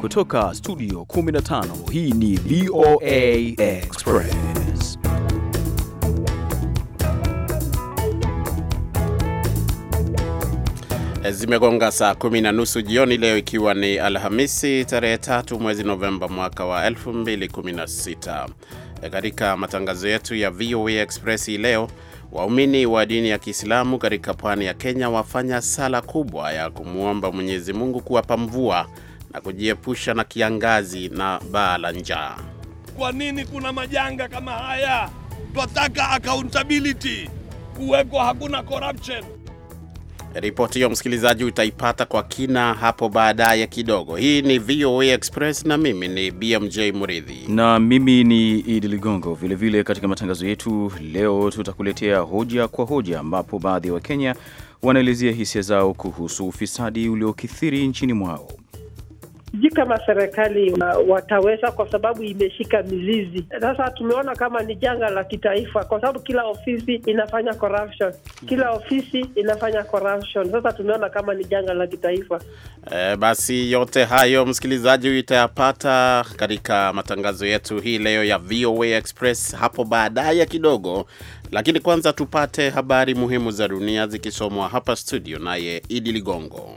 Kutoka studio 15 hii ni VOA Express. Zimegonga saa kumi na nusu jioni leo, ikiwa ni Alhamisi tarehe tatu mwezi Novemba mwaka wa 2016. E, katika matangazo yetu ya VOA Express hii leo, waumini wa dini ya Kiislamu katika pwani ya Kenya wafanya sala kubwa ya kumwomba Mwenyezi Mungu kuwapa mvua na kujiepusha na kiangazi na baa la njaa. Kwa nini kuna majanga kama haya? Twataka accountability kuwekwa, hakuna corruption. Ripoti hiyo msikilizaji utaipata kwa kina hapo baadaye kidogo. Hii ni VOA Express na mimi ni BMJ Muridhi na mimi ni Idi Ligongo. Vilevile katika matangazo yetu leo tutakuletea hoja kwa hoja, ambapo baadhi ya Wakenya wanaelezea hisia zao kuhusu ufisadi uliokithiri nchini mwao. Sijui kama serikali wataweza, kwa sababu imeshika mizizi. Sasa tumeona kama ni janga la kitaifa, kwa sababu kila ofisi inafanya corruption, kila ofisi inafanya corruption. Sasa tumeona kama ni janga la kitaifa. E, basi yote hayo msikilizaji utayapata katika matangazo yetu hii leo ya VOA Express hapo baadaye kidogo, lakini kwanza tupate habari muhimu za dunia zikisomwa hapa studio naye Idi Ligongo.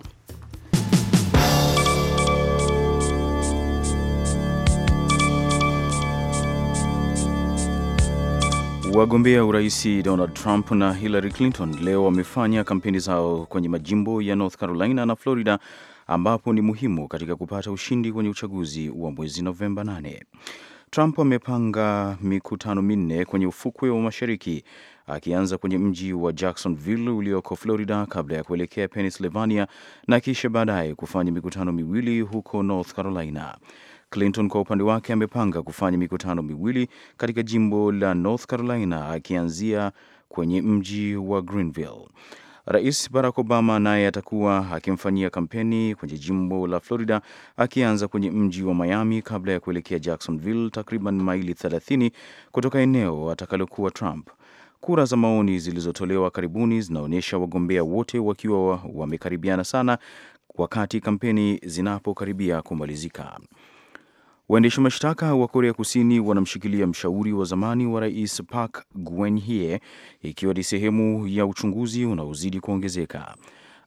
Wagombea urais Donald Trump na Hillary Clinton leo wamefanya kampeni zao kwenye majimbo ya North Carolina na Florida ambapo ni muhimu katika kupata ushindi kwenye uchaguzi wa mwezi Novemba 8. Trump amepanga mikutano minne kwenye ufukwe wa mashariki akianza kwenye mji wa Jacksonville ulioko Florida kabla ya kuelekea Pennsylvania na kisha baadaye kufanya mikutano miwili huko North Carolina. Clinton kwa upande wake amepanga kufanya mikutano miwili katika jimbo la North Carolina akianzia kwenye mji wa Greenville. Rais Barack Obama naye atakuwa akimfanyia kampeni kwenye jimbo la Florida akianza kwenye mji wa Miami kabla ya kuelekea Jacksonville, takriban maili 30 kutoka eneo atakalokuwa Trump. Kura za maoni zilizotolewa karibuni zinaonyesha wagombea wote wakiwa wamekaribiana sana wakati kampeni zinapokaribia kumalizika. Waendesha mashtaka wa Korea Kusini wanamshikilia mshauri wa zamani wa rais Park Geun-hye ikiwa ni sehemu ya uchunguzi unaozidi kuongezeka.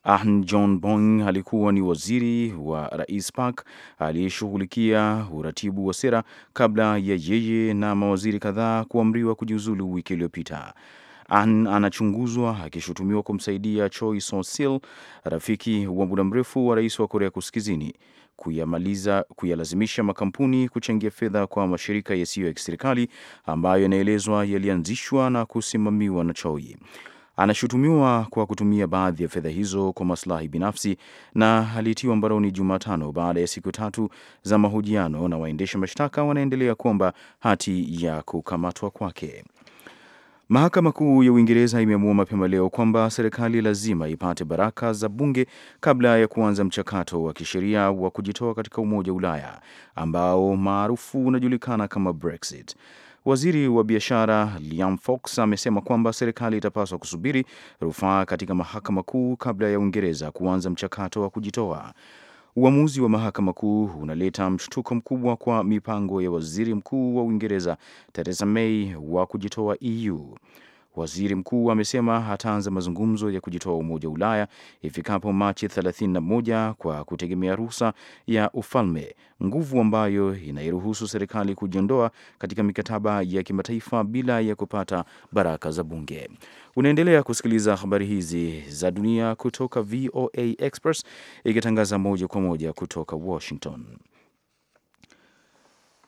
Ahn john bong alikuwa ni waziri wa Rais Park aliyeshughulikia uratibu wa sera kabla ya yeye na mawaziri kadhaa kuamriwa kujiuzulu wiki iliyopita. An anachunguzwa akishutumiwa kumsaidia Choi Son-sil, rafiki wa muda mrefu wa rais wa Korea Kaskazini, kuyamaliza kuyalazimisha makampuni kuchangia fedha kwa mashirika yasiyo ya kiserikali ambayo yanaelezwa yalianzishwa na kusimamiwa na Choi. Anashutumiwa kwa kutumia baadhi ya fedha hizo kwa maslahi binafsi na alitiwa mbaroni Jumatano baada ya siku tatu za mahojiano, na waendesha mashtaka wanaendelea kuomba hati ya kukamatwa kwake. Mahakama Kuu ya Uingereza imeamua mapema leo kwamba serikali lazima ipate baraka za bunge kabla ya kuanza mchakato wa kisheria wa kujitoa katika Umoja wa Ulaya ambao maarufu unajulikana kama Brexit. Waziri wa biashara Liam Fox amesema kwamba serikali itapaswa kusubiri rufaa katika mahakama kuu kabla ya Uingereza kuanza mchakato wa kujitoa. Uamuzi wa mahakama kuu unaleta mshtuko mkubwa kwa mipango ya waziri mkuu wa Uingereza Theresa May wa kujitoa EU. Waziri mkuu amesema ataanza mazungumzo ya kujitoa Umoja wa Ulaya ifikapo Machi 31 kwa kutegemea ruhusa ya ufalme, nguvu ambayo inairuhusu serikali kujiondoa katika mikataba ya kimataifa bila ya kupata baraka za bunge. Unaendelea kusikiliza habari hizi za dunia kutoka VOA Express ikitangaza moja kwa moja kutoka Washington.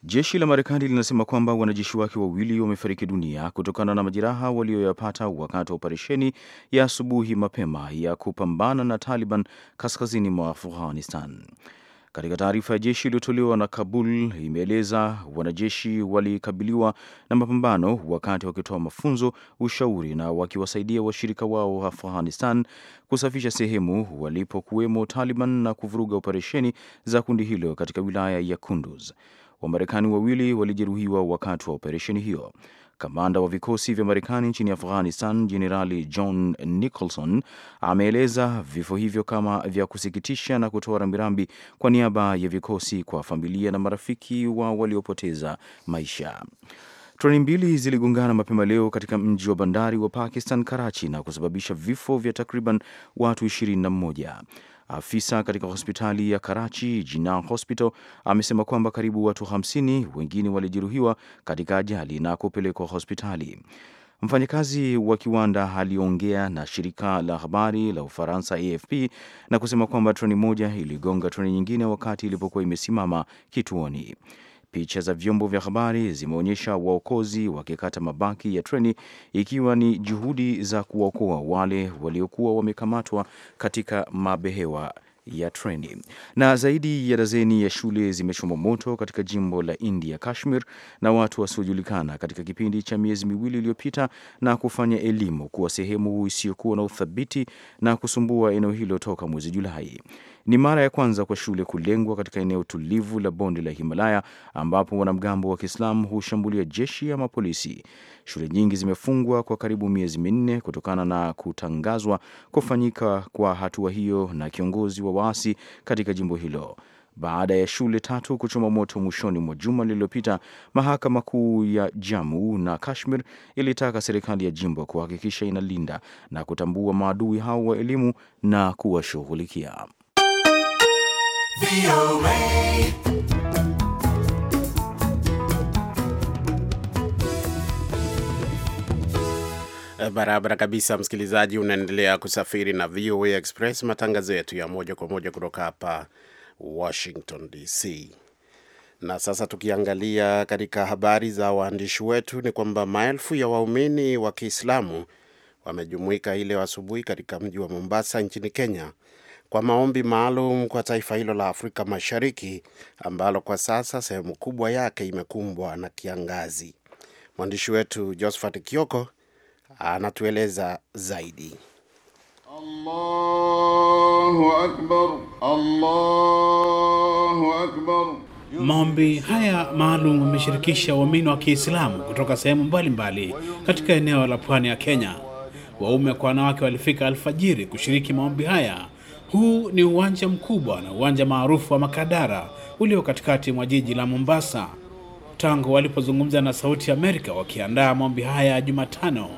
Jeshi la Marekani linasema kwamba wanajeshi wake wawili wamefariki dunia kutokana na majeraha walioyapata wakati wa operesheni ya asubuhi mapema ya kupambana na Taliban kaskazini mwa Afghanistan. Katika taarifa ya jeshi iliyotolewa na Kabul imeeleza wanajeshi walikabiliwa na mapambano wakati wakitoa mafunzo, ushauri na wakiwasaidia washirika wao Afghanistan kusafisha sehemu walipokuwemo Taliban na kuvuruga operesheni za kundi hilo katika wilaya ya Kunduz. Wamarekani wawili walijeruhiwa wakati wa operesheni hiyo. Kamanda wa vikosi vya Marekani nchini Afghanistan, Jenerali John Nicholson, ameeleza vifo hivyo kama vya kusikitisha na kutoa rambirambi kwa niaba ya vikosi kwa familia na marafiki wa waliopoteza maisha. Treni mbili ziligongana mapema leo katika mji wa bandari wa Pakistan, Karachi, na kusababisha vifo vya takriban watu 21. Afisa katika hospitali ya Karachi Jinnah Hospital amesema kwamba karibu watu 50 wengine walijeruhiwa katika ajali na kupelekwa hospitali. Mfanyakazi wa kiwanda aliongea na shirika la habari la Ufaransa AFP na kusema kwamba treni moja iligonga treni nyingine wakati ilipokuwa imesimama kituoni. Picha za vyombo vya habari zimeonyesha waokozi wakikata mabaki ya treni ikiwa ni juhudi za kuwaokoa wale waliokuwa wamekamatwa katika mabehewa ya treni. Na zaidi ya dazeni ya shule zimechomwa moto katika jimbo la India Kashmir na watu wasiojulikana katika kipindi cha miezi miwili iliyopita, na kufanya elimu kuwa sehemu isiyokuwa na uthabiti na kusumbua eneo hilo toka mwezi Julai. Ni mara ya kwanza kwa shule kulengwa katika eneo tulivu la bonde la Himalaya ambapo wanamgambo wa Kiislamu hushambulia jeshi ama polisi. Shule nyingi zimefungwa kwa karibu miezi minne kutokana na kutangazwa kufanyika kwa hatua hiyo na kiongozi wa waasi katika jimbo hilo. Baada ya shule tatu kuchoma moto mwishoni mwa juma lililopita, mahakama kuu ya Jammu na Kashmir ilitaka serikali ya jimbo kuhakikisha inalinda na kutambua maadui hao wa elimu na kuwashughulikia. Eh, barabara kabisa, msikilizaji, unaendelea kusafiri na VOA Express, matangazo yetu ya moja kwa moja kutoka hapa Washington DC. Na sasa tukiangalia katika habari za waandishi wetu ni kwamba maelfu ya waumini wa Kiislamu wamejumuika ile asubuhi katika mji wa Mombasa nchini Kenya kwa maombi maalum kwa taifa hilo la Afrika Mashariki ambalo kwa sasa sehemu kubwa yake imekumbwa na kiangazi. Mwandishi wetu Josephat Kioko anatueleza zaidi. Allahu Akbar, Allahu Akbar. Maombi haya maalum wameshirikisha waumini wa Kiislamu kutoka sehemu mbalimbali katika eneo la pwani ya Kenya. Waume kwa wanawake walifika alfajiri kushiriki maombi haya huu ni uwanja mkubwa na uwanja maarufu wa Makadara ulio katikati mwa jiji la Mombasa. Tangu walipozungumza na Sauti Amerika wakiandaa maombi haya ya Jumatano,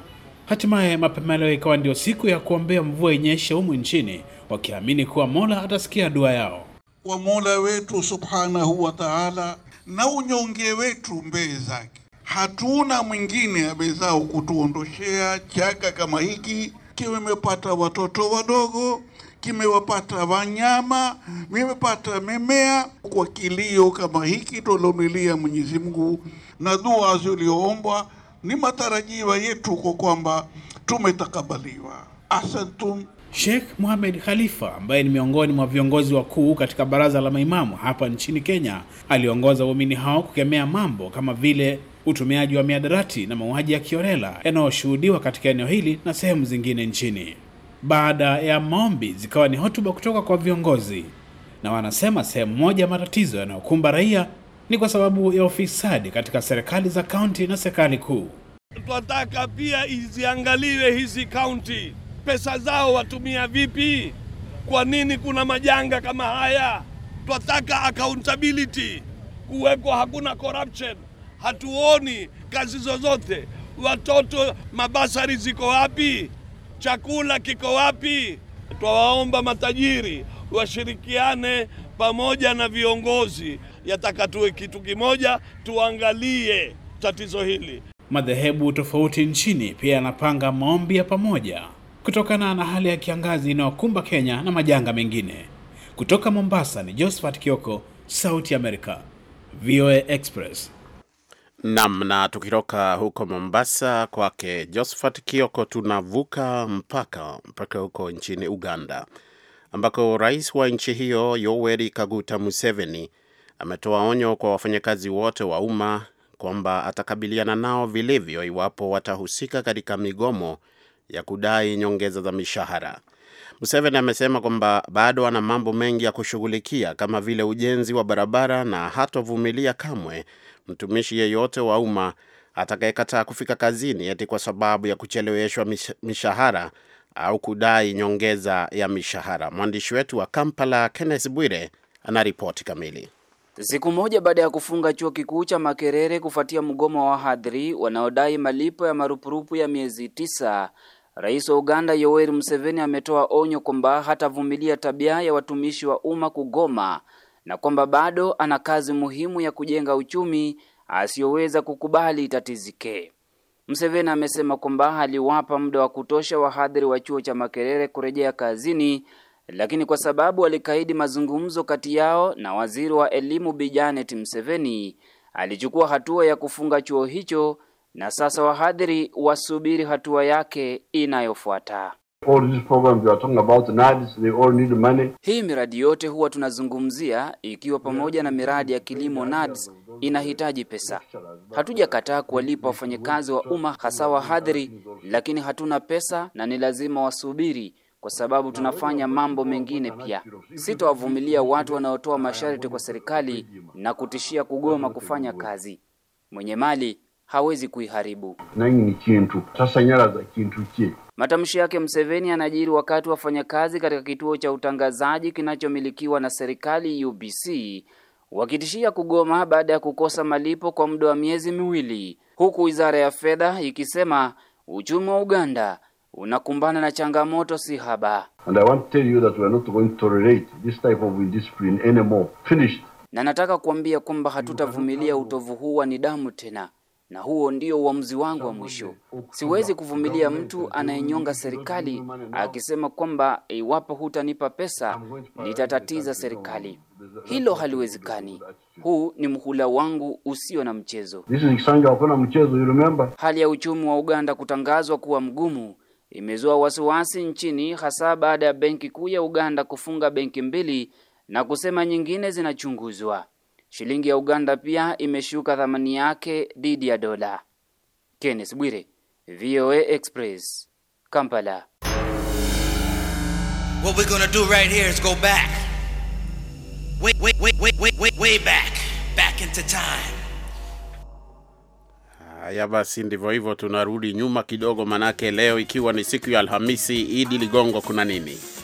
hatimaye mapema leo ikawa ndio siku ya kuombea mvua inyeshe humu nchini, wakiamini kuwa Mola atasikia dua yao. Kwa Mola wetu subhanahu wa taala na unyonge wetu mbele zake, hatuna mwingine abezao kutuondoshea chaka kama hiki. Kiwemepata watoto wadogo kimewapata wanyama, mimepata mimea. Kwa kilio kama hiki tulomilia Mwenyezi Mungu na dua ziliyoombwa, ni matarajio yetu kwa kwamba tumetakabaliwa. Asantum. Sheikh Mohamed Khalifa ambaye ni miongoni mwa viongozi wakuu katika baraza la maimamu hapa nchini Kenya, aliongoza waumini hao kukemea mambo kama vile utumiaji wa miadarati na mauaji ya kiorela yanayoshuhudiwa katika eneo hili na sehemu zingine nchini baada ya maombi zikawa ni hotuba kutoka kwa viongozi, na wanasema sehemu moja ya matatizo yanayokumba raia ni kwa sababu ya ufisadi katika serikali za kaunti na serikali kuu. Tunataka pia iziangaliwe hizi kaunti, pesa zao watumia vipi? Kwa nini kuna majanga kama haya? Tunataka accountability kuwekwa, hakuna corruption. Hatuoni kazi zozote. Watoto mabasari ziko wapi? chakula kiko wapi? Twawaomba matajiri washirikiane pamoja na viongozi, yataka tuwe kitu kimoja, tuangalie tatizo hili. Madhehebu tofauti nchini pia yanapanga maombi ya pamoja kutokana na hali ya kiangazi inayokumba Kenya na majanga mengine. Kutoka Mombasa ni Josephat Kioko, Sauti ya Amerika, VOA Express. Nam, na tukitoka huko Mombasa kwake Josephat Kioko, tunavuka mpaka mpaka huko nchini Uganda ambako rais wa nchi hiyo Yoweri Kaguta Museveni ametoa onyo kwa wafanyakazi wote wa umma kwamba atakabiliana nao vilivyo iwapo watahusika katika migomo ya kudai nyongeza za mishahara. Museveni amesema kwamba bado ana mambo mengi ya kushughulikia kama vile ujenzi wa barabara na hatovumilia kamwe mtumishi yeyote wa umma atakayekataa kufika kazini eti kwa sababu ya kucheleweshwa mishahara au kudai nyongeza ya mishahara. Mwandishi wetu wa Kampala, Kenneth Bwire, ana ripoti kamili. Siku moja baada ya kufunga chuo kikuu cha Makerere kufuatia mgomo wa wahadhiri wanaodai malipo ya marupurupu ya miezi tisa, Rais wa Uganda Yoweri Museveni ametoa onyo kwamba hatavumilia tabia ya watumishi wa umma kugoma na kwamba bado ana kazi muhimu ya kujenga uchumi asiyoweza kukubali itatizike. Museveni amesema kwamba aliwapa muda wa kutosha wahadhiri wa chuo cha Makerere kurejea kazini, lakini kwa sababu alikaidi mazungumzo kati yao na waziri wa elimu Bi Janet Museveni, alichukua hatua ya kufunga chuo hicho na sasa wahadhiri wasubiri hatua yake inayofuata. Hii miradi yote huwa tunazungumzia ikiwa pamoja na miradi ya kilimo NADS inahitaji pesa. Hatujakataa kuwalipa wafanyakazi wa umma hasa wahadhiri, lakini hatuna pesa na ni lazima wasubiri kwa sababu tunafanya mambo mengine pia. Sitawavumilia watu wanaotoa masharti kwa serikali na kutishia kugoma kufanya kazi. Mwenye mali hawezi kuiharibu. kintu sasa nyara za kintu Matamshi yake Mseveni anajiri wakati wafanyakazi katika kituo cha utangazaji kinachomilikiwa na serikali UBC wakitishia kugoma baada ya kukosa malipo kwa muda wa miezi miwili, huku wizara ya fedha ikisema uchumi wa Uganda unakumbana na changamoto si haba. And I want to tell you that we are not going to tolerate this type of anymore. Finished. Na nataka kuambia kwamba hatutavumilia utovu huu wa nidhamu tena na huo ndio uamuzi wangu wa mwisho. Siwezi kuvumilia mtu anayenyonga serikali akisema kwamba iwapo hutanipa pesa nitatatiza serikali. Hilo haliwezekani. Huu ni mhula wangu usio na mchezo. Hali ya uchumi wa Uganda kutangazwa kuwa mgumu imezua wasiwasi nchini, hasa baada ya benki kuu ya Uganda kufunga benki mbili na kusema nyingine zinachunguzwa. Shilingi ya Uganda pia imeshuka thamani yake dhidi ya dola. Kenneth Bwire, VOA Express, Kampala. What we're gonna do right here is go back. Way, way, way, way, way back. Back into time. Haya basi, ndivyo hivyo, tunarudi nyuma kidogo, manake leo ikiwa ni siku ya Alhamisi, Idi Ligongo, kuna nini?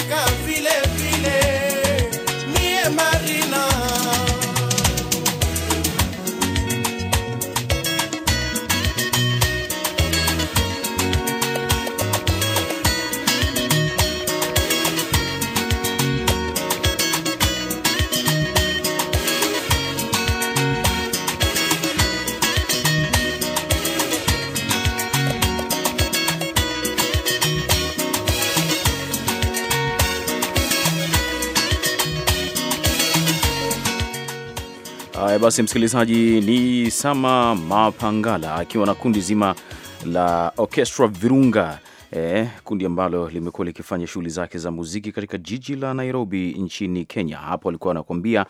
Africa. basi msikilizaji, ni Sama Mapangala akiwa na kundi zima la Orchestra Virunga eh, kundi ambalo limekuwa likifanya shughuli zake za muziki katika jiji la Nairobi nchini Kenya. Hapo alikuwa anakuambia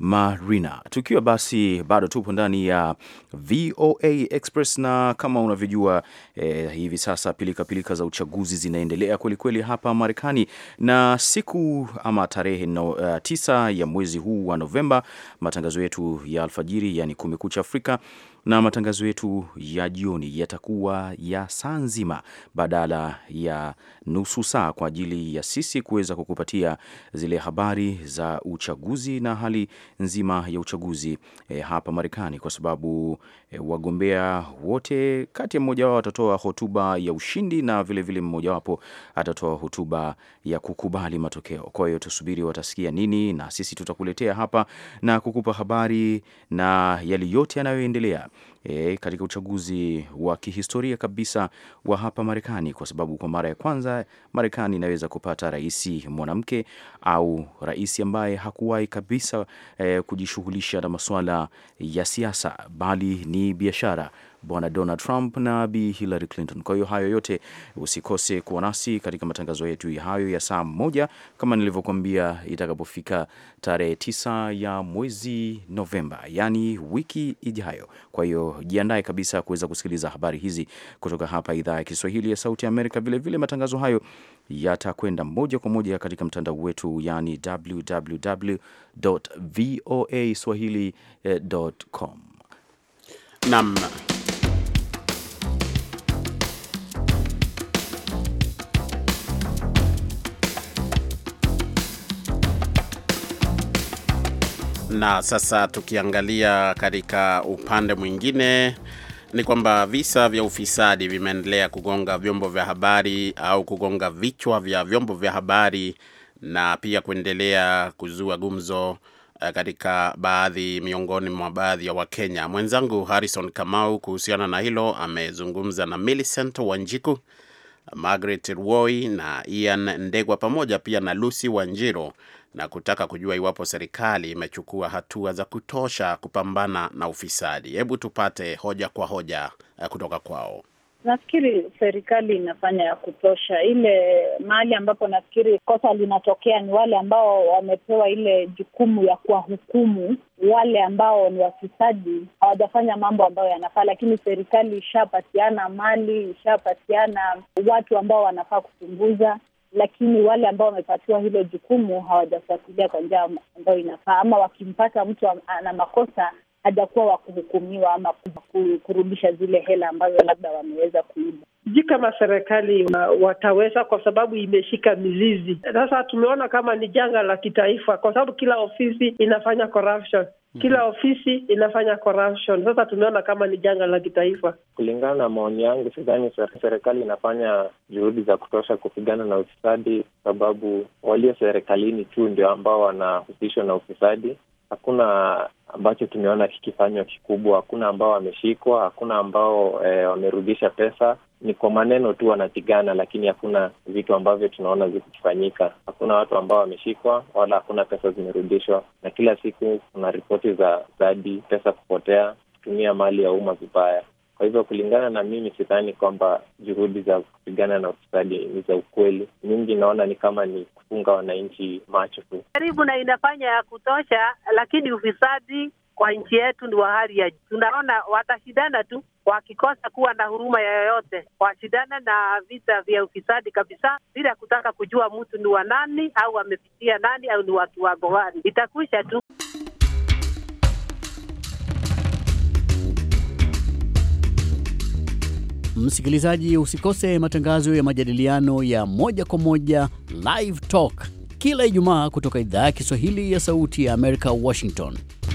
Marina. Tukiwa basi bado tupo ndani ya VOA Express na kama unavyojua eh, hivi sasa pilika pilika za uchaguzi zinaendelea kweli kweli hapa Marekani, na siku ama tarehe no, uh, tisa ya mwezi huu wa Novemba, matangazo yetu ya alfajiri, yani Kumekucha Afrika na matangazo yetu ya jioni yatakuwa ya saa nzima badala ya nusu saa, kwa ajili ya sisi kuweza kukupatia zile habari za uchaguzi na hali nzima ya uchaguzi e, hapa Marekani, kwa sababu E, wagombea wote kati ya mmoja wao atatoa hotuba ya ushindi na vilevile mmojawapo atatoa hotuba ya kukubali matokeo. Kwa hiyo tusubiri watasikia nini, na sisi tutakuletea hapa na kukupa habari na yale yote yanayoendelea e, katika uchaguzi wa kihistoria kabisa wa hapa Marekani, kwa sababu kwa mara ya kwanza Marekani inaweza kupata rais mwanamke au rais ambaye hakuwahi kabisa e, kujishughulisha na masuala ya siasa bali ni biashara bwana Donald Trump na bi Hillary Clinton. Kwa hiyo hayo yote usikose kuwa nasi katika matangazo yetu hayo ya saa moja, kama nilivyokuambia, itakapofika tarehe tisa ya mwezi Novemba, yaani wiki ijayo. Kwa hiyo jiandae kabisa kuweza kusikiliza habari hizi kutoka hapa idhaa ya Kiswahili ya Sauti ya Amerika. Vilevile matangazo hayo yatakwenda moja kwa moja katika mtandao wetu, yaani www.voaswahili.com. Naam. Na sasa tukiangalia katika upande mwingine ni kwamba visa vya ufisadi vimeendelea kugonga vyombo vya habari au kugonga vichwa vya vyombo vya habari na pia kuendelea kuzua gumzo eh, katika baadhi miongoni mwa baadhi ya Wakenya. Mwenzangu Harrison Kamau kuhusiana na hilo amezungumza na Millicent Wanjiku, Margaret Rwoi na Ian Ndegwa pamoja pia na Lucy Wanjiro na kutaka kujua iwapo serikali imechukua hatua za kutosha kupambana na ufisadi. Hebu tupate hoja kwa hoja eh, kutoka kwao. Nafikiri serikali inafanya ya kutosha. Ile mahali ambapo nafikiri kosa linatokea ni wale ambao wamepewa ile jukumu ya kuwahukumu wale ambao ni wafisadi, hawajafanya mambo ambayo yanafaa, lakini serikali ishapatiana mali, ishapatiana watu ambao wanafaa kuchunguza lakini wale ambao wamepatiwa hilo jukumu hawajafuatilia kwa njia ambayo inafaa, ama wakimpata mtu ana makosa hajakuwa wa kuhukumiwa ama kurudisha zile hela ambazo labda wameweza kuiba. Sijui kama serikali wataweza, kwa sababu imeshika mizizi sasa. Tumeona kama ni janga la kitaifa, kwa sababu kila ofisi inafanya corruption. Mhm. Kila ofisi inafanya corruption. Sasa tumeona kama ni janga la kitaifa. Kulingana na maoni yangu, sidhani serikali inafanya juhudi za kutosha kupigana na ufisadi, sababu walio serikalini tu ndio ambao wanahusishwa na ufisadi. Hakuna ambacho tumeona kikifanywa kikubwa. Hakuna ambao wameshikwa, hakuna ambao e, wamerudisha pesa ni kwa maneno tu wanapigana, lakini hakuna vitu ambavyo tunaona vikifanyika. Hakuna watu ambao wameshikwa wala hakuna pesa zimerudishwa, na kila siku kuna ripoti za zadi pesa kupotea, kutumia mali ya umma vibaya. Kwa hivyo kulingana na mimi, sidhani kwamba juhudi za kupigana na ufisadi ni za ukweli. Nyingi naona ni kama ni kufunga wananchi macho tu, karibu na inafanya ya kutosha, lakini ufisadi kwa nchi yetu ni wa hali ya juu. Tunaona watashidana tu, wakikosa kuwa na huruma yoyote, washidana na vita vya ufisadi kabisa, bila kutaka kujua mtu ni wa nani au amepitia nani au ni wa kiwango gani. Itakwisha tu. Msikilizaji, usikose matangazo ya majadiliano ya moja kwa moja Live Talk kila Ijumaa kutoka idhaa ya Kiswahili ya Sauti ya Amerika, Washington.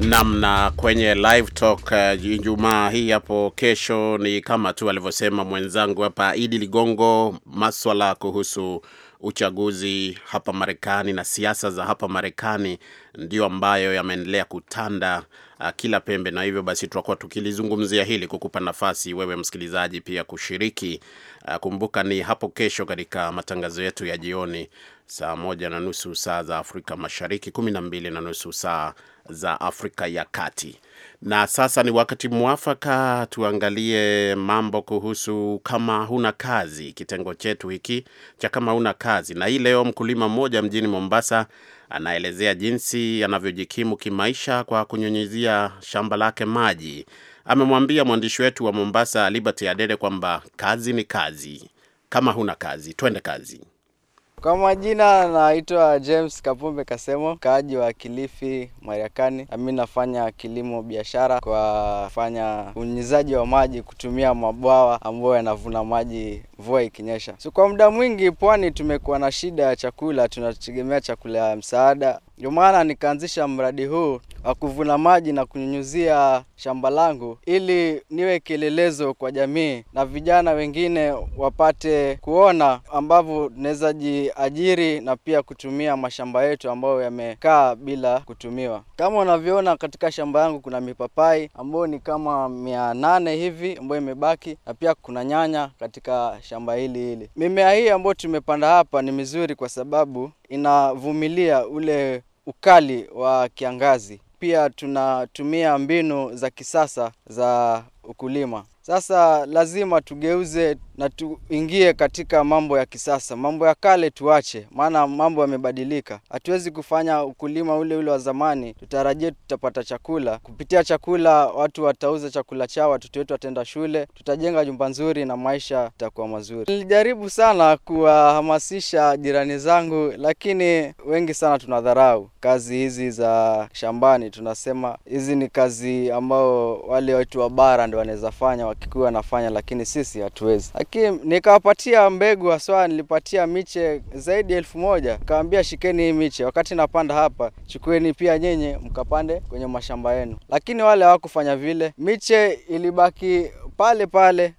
namna kwenye live talk uh, Ijumaa uh, hii hapo kesho, ni kama tu alivyosema mwenzangu hapa Idi Ligongo, maswala kuhusu uchaguzi hapa Marekani na siasa za hapa Marekani ndio ambayo yameendelea kutanda uh, kila pembe, na hivyo basi tutakuwa tukilizungumzia hili kukupa nafasi wewe msikilizaji pia kushiriki. Uh, kumbuka ni hapo kesho katika matangazo yetu ya jioni saa moja na nusu saa za Afrika Mashariki, kumi na mbili na nusu saa za Afrika ya Kati. Na sasa ni wakati mwafaka tuangalie mambo kuhusu kama huna kazi, kitengo chetu hiki cha kama huna kazi. Na hii leo mkulima mmoja mjini Mombasa anaelezea jinsi anavyojikimu kimaisha kwa kunyunyizia shamba lake maji. Amemwambia mwandishi wetu wa Mombasa Liberty Adede kwamba kazi ni kazi, kama huna kazi twende kazi. Kwa majina naitwa James Kapumbe Kasemo, mkaaji wa Kilifi Mariakani. Mimi nafanya kilimo biashara kwa fanya unyunyizaji wa maji kutumia mabwawa ambayo yanavuna maji mvua ikinyesha. So kwa muda mwingi pwani tumekuwa na shida ya chakula, tunategemea chakula ya msaada, ndio maana nikaanzisha mradi huu wa kuvuna maji na kunyunyuzia shamba langu ili niwe kielelezo kwa jamii na vijana wengine wapate kuona ambavyo tunaweza jiajiri na pia kutumia mashamba yetu ambayo yamekaa bila kutumiwa. Kama unavyoona katika shamba yangu kuna mipapai ambayo ni kama mia nane hivi ambayo imebaki na pia kuna nyanya katika shamba hili hili. Mimea hii ambayo tumepanda hapa ni mizuri kwa sababu inavumilia ule ukali wa kiangazi pia tunatumia mbinu za kisasa za ukulima. Sasa lazima tugeuze na tuingie katika mambo ya kisasa. Mambo ya kale tuache, maana mambo yamebadilika. Hatuwezi kufanya ukulima ule ule wa zamani tutarajie tutapata chakula kupitia chakula. Watu watauza chakula chao, watoto wetu wataenda shule, tutajenga nyumba nzuri na maisha yatakuwa mazuri. Nilijaribu sana kuwahamasisha jirani zangu, lakini wengi sana tunadharau kazi hizi za shambani. Tunasema hizi ni kazi ambao wale watu wa bara ndio wanaweza fanya, wakikuwa wanafanya, lakini sisi hatuwezi. Lakini nikawapatia mbegu haswa, nilipatia miche zaidi ya elfu moja kaambia shikeni hii miche, wakati napanda hapa, chukueni pia nyinyi mkapande kwenye mashamba yenu, lakini wale hawakufanya vile. Miche ilibaki pale pale,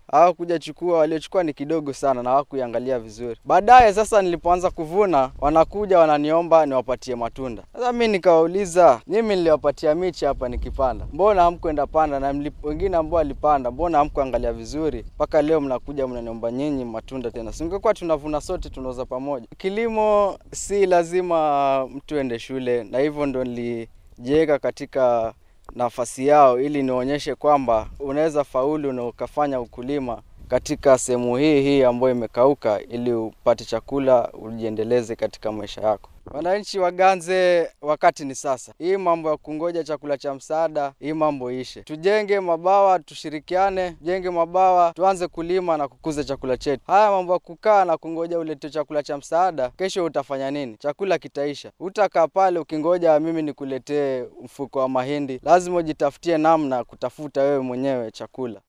chukua, Waliochukua ni kidogo sana na hawakuiangalia vizuri. Baadaye sasa, nilipoanza kuvuna, wanakuja wananiomba niwapatie matunda. Sasa mi nikawauliza, mimi niliwapatia michi hapa nikipanda, mbona hamkwenda panda? Na wengine ambao walipanda, mbona hamkuangalia vizuri? Mpaka leo mnakuja mnaniomba nyinyi matunda tena. Singekuwa tunavuna sote, tunauza pamoja. Kilimo si lazima mtu ende shule, na hivyo ndo nilijiweka katika nafasi yao, ili nionyeshe kwamba unaweza faulu na ukafanya ukulima katika sehemu hii hii ambayo imekauka, ili upate chakula ujiendeleze katika maisha yako. Wananchi waganze, wakati ni sasa. Hii mambo ya kungoja chakula cha msaada, hii mambo ishe. Tujenge mabawa, tushirikiane, tujenge mabawa, tuanze kulima na kukuza chakula chetu. Haya mambo ya kukaa na kungoja uletwe chakula cha msaada, kesho utafanya nini? Chakula kitaisha. Utakaa pale ukingoja mimi nikuletee mfuko wa mahindi. Lazima ujitafutie namna ya kutafuta wewe mwenyewe chakula.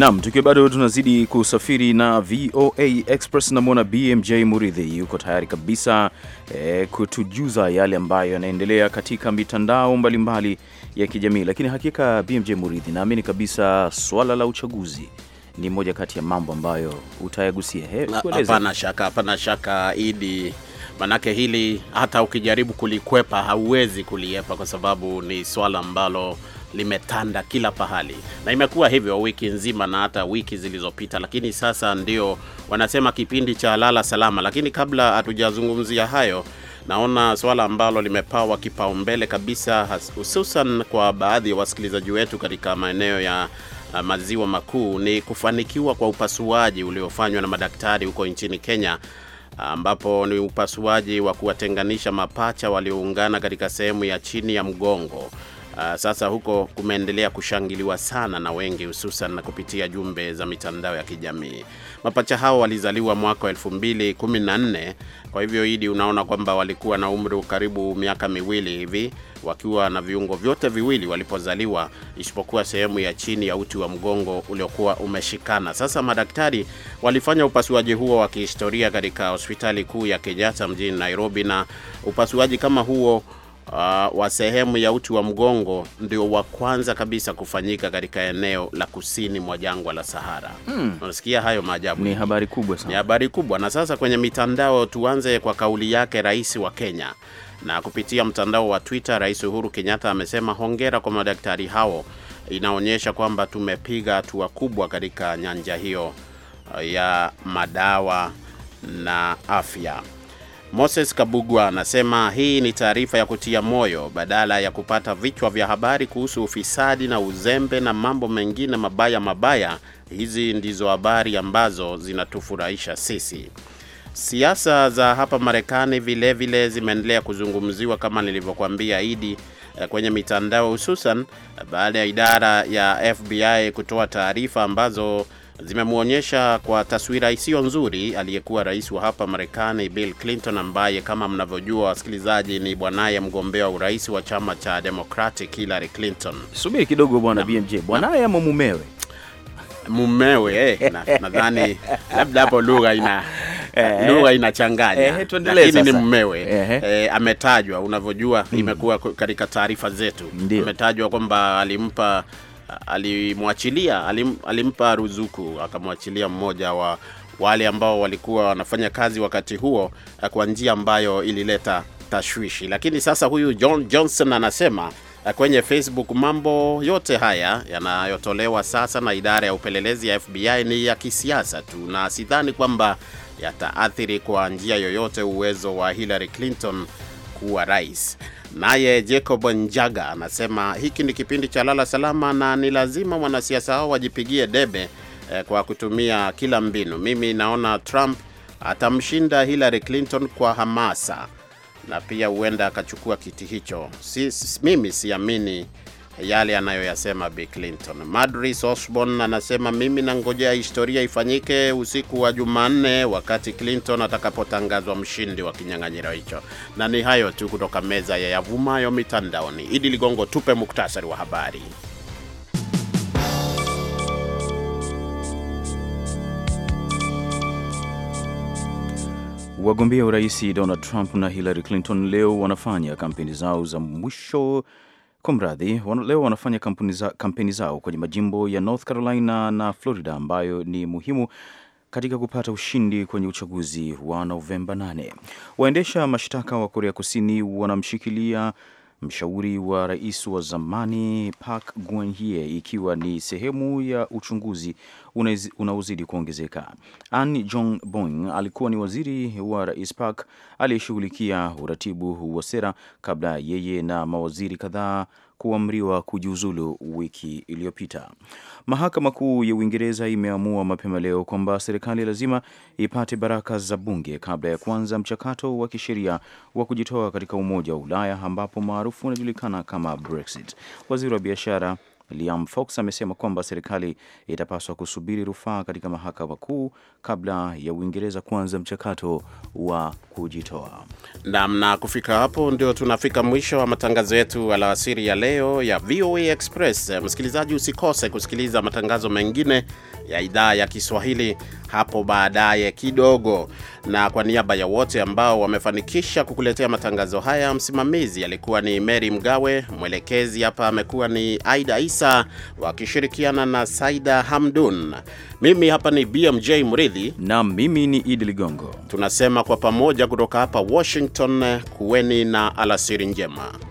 Naam, tukiwa bado tunazidi kusafiri na VOA Express, namwona BMJ Muridhi yuko tayari kabisa e, kutujuza yale ambayo yanaendelea katika mitandao mbalimbali mbali ya kijamii. Lakini hakika BMJ Muridhi, naamini kabisa swala la uchaguzi ni moja kati ya mambo ambayo utayagusia. Hapana shaka, hapana shaka Idi, manake hili hata ukijaribu kulikwepa hauwezi kuliepa, kwa sababu ni swala ambalo limetanda kila pahali, na imekuwa hivyo wiki nzima na hata wiki zilizopita, lakini sasa ndio wanasema kipindi cha lala salama. Lakini kabla hatujazungumzia hayo, naona swala ambalo limepawa kipaumbele kabisa, hususan kwa baadhi ya wasikilizaji wetu katika maeneo ya maziwa makuu ni kufanikiwa kwa upasuaji uliofanywa na madaktari huko nchini Kenya, ambapo ni upasuaji wa kuwatenganisha mapacha walioungana katika sehemu ya chini ya mgongo. Uh, sasa huko kumeendelea kushangiliwa sana na wengi hususan na kupitia jumbe za mitandao ya kijamii. Mapacha hao walizaliwa mwaka 2014, kwa hivyo Idi, unaona kwamba walikuwa na umri karibu miaka miwili hivi wakiwa na viungo vyote viwili walipozaliwa, isipokuwa sehemu ya chini ya uti wa mgongo uliokuwa umeshikana. Sasa madaktari walifanya upasuaji huo wa kihistoria katika hospitali kuu ya Kenyatta mjini Nairobi, na upasuaji kama huo uh, wa sehemu ya uti wa mgongo ndio wa kwanza kabisa kufanyika katika eneo la kusini mwa jangwa la Sahara. Hmm. Unasikia hayo maajabu. Ni habari kubwa sana. Ni habari kubwa na sasa kwenye mitandao tuanze kwa kauli yake rais wa Kenya. Na kupitia mtandao wa Twitter Rais Uhuru Kenyatta amesema hongera kwa madaktari hao. Inaonyesha kwamba tumepiga hatua kubwa katika nyanja hiyo ah, ya madawa na afya. Moses Kabugwa anasema hii ni taarifa ya kutia moyo badala ya kupata vichwa vya habari kuhusu ufisadi na uzembe na mambo mengine mabaya mabaya. Hizi ndizo habari ambazo zinatufurahisha sisi. Siasa za hapa Marekani vilevile zimeendelea kuzungumziwa kama nilivyokuambia Idi, eh, kwenye mitandao hususan baada ya idara ya FBI kutoa taarifa ambazo zimemwonyesha kwa taswira isiyo nzuri aliyekuwa rais wa hapa Marekani Bill Clinton, ambaye kama mnavyojua wasikilizaji, ni bwanaye mgombea wa urais wa chama cha Democratic Hillary Clinton. Subiri kidogo bwana BMJ, bwanaye ama mumewe? Mumewe eh, nadhani na labda hapo lugha ina eh, eh. lugha inachanganya, eh, lakini ni eh, eh, ametajwa unavyojua, hmm. imekuwa katika taarifa zetu, ametajwa kwamba alimpa alimwachilia alim, alimpa ruzuku akamwachilia mmoja wa wale ambao walikuwa wanafanya kazi wakati huo eh, kwa njia ambayo ilileta tashwishi. Lakini sasa huyu John Johnson anasema eh, kwenye Facebook mambo yote haya yanayotolewa sasa na idara ya upelelezi ya FBI ni ya kisiasa tu, na sidhani kwamba yataathiri kwa njia yoyote uwezo wa Hillary Clinton kuwa rais. Naye Jacob Njaga anasema hiki ni kipindi cha lala salama na ni lazima wanasiasa hao wajipigie debe eh, kwa kutumia kila mbinu. Mimi naona Trump atamshinda Hillary Clinton kwa hamasa na pia huenda akachukua kiti hicho. Si, mimi siamini yale anayoyasema Bi Clinton. Madris Osborne anasema mimi nangojea historia ifanyike usiku wa Jumanne wakati Clinton atakapotangazwa mshindi wa kinyang'anyiro hicho. Na ni hayo tu kutoka meza ya yavumayo mitandaoni. Idi Ligongo, tupe muktasari wa habari. Wagombea urais Donald Trump na Hillary Clinton leo wanafanya kampeni zao za mwisho kwa mradhi wana, leo wanafanya kampeni, za, kampeni zao kwenye majimbo ya North Carolina na Florida ambayo ni muhimu katika kupata ushindi kwenye uchaguzi wa Novemba 8. Waendesha mashtaka wa Korea Kusini wanamshikilia mshauri wa rais wa zamani Park Geun-hye ikiwa ni sehemu ya uchunguzi unaozidi kuongezeka. An Jong Boing alikuwa ni waziri wa Rais Park aliyeshughulikia uratibu wa sera kabla yeye na mawaziri kadhaa kuamriwa kujiuzulu wiki iliyopita. Mahakama Kuu ya Uingereza imeamua mapema leo kwamba serikali lazima ipate baraka za bunge kabla ya kuanza mchakato wa kisheria wa kujitoa katika Umoja wa Ulaya ambapo maarufu unajulikana kama Brexit. Waziri wa biashara Liam Fox amesema kwamba serikali itapaswa kusubiri rufaa katika mahakama kuu kabla ya Uingereza kuanza mchakato wa kujitoa. Naam, na kufika hapo ndio tunafika mwisho wa matangazo yetu alasiri ya leo ya VOA Express. Msikilizaji, usikose kusikiliza matangazo mengine ya idhaa ya Kiswahili hapo baadaye kidogo. Na kwa niaba ya wote ambao wamefanikisha kukuletea matangazo haya, msimamizi alikuwa ni Mary Mgawe, mwelekezi hapa amekuwa ni Aida Isa wakishirikiana na Saida Hamdun. Mimi hapa ni BMJ Mridhi na mimi ni Idi Ligongo, tunasema kwa pamoja kutoka hapa Washington, kuweni na alasiri njema.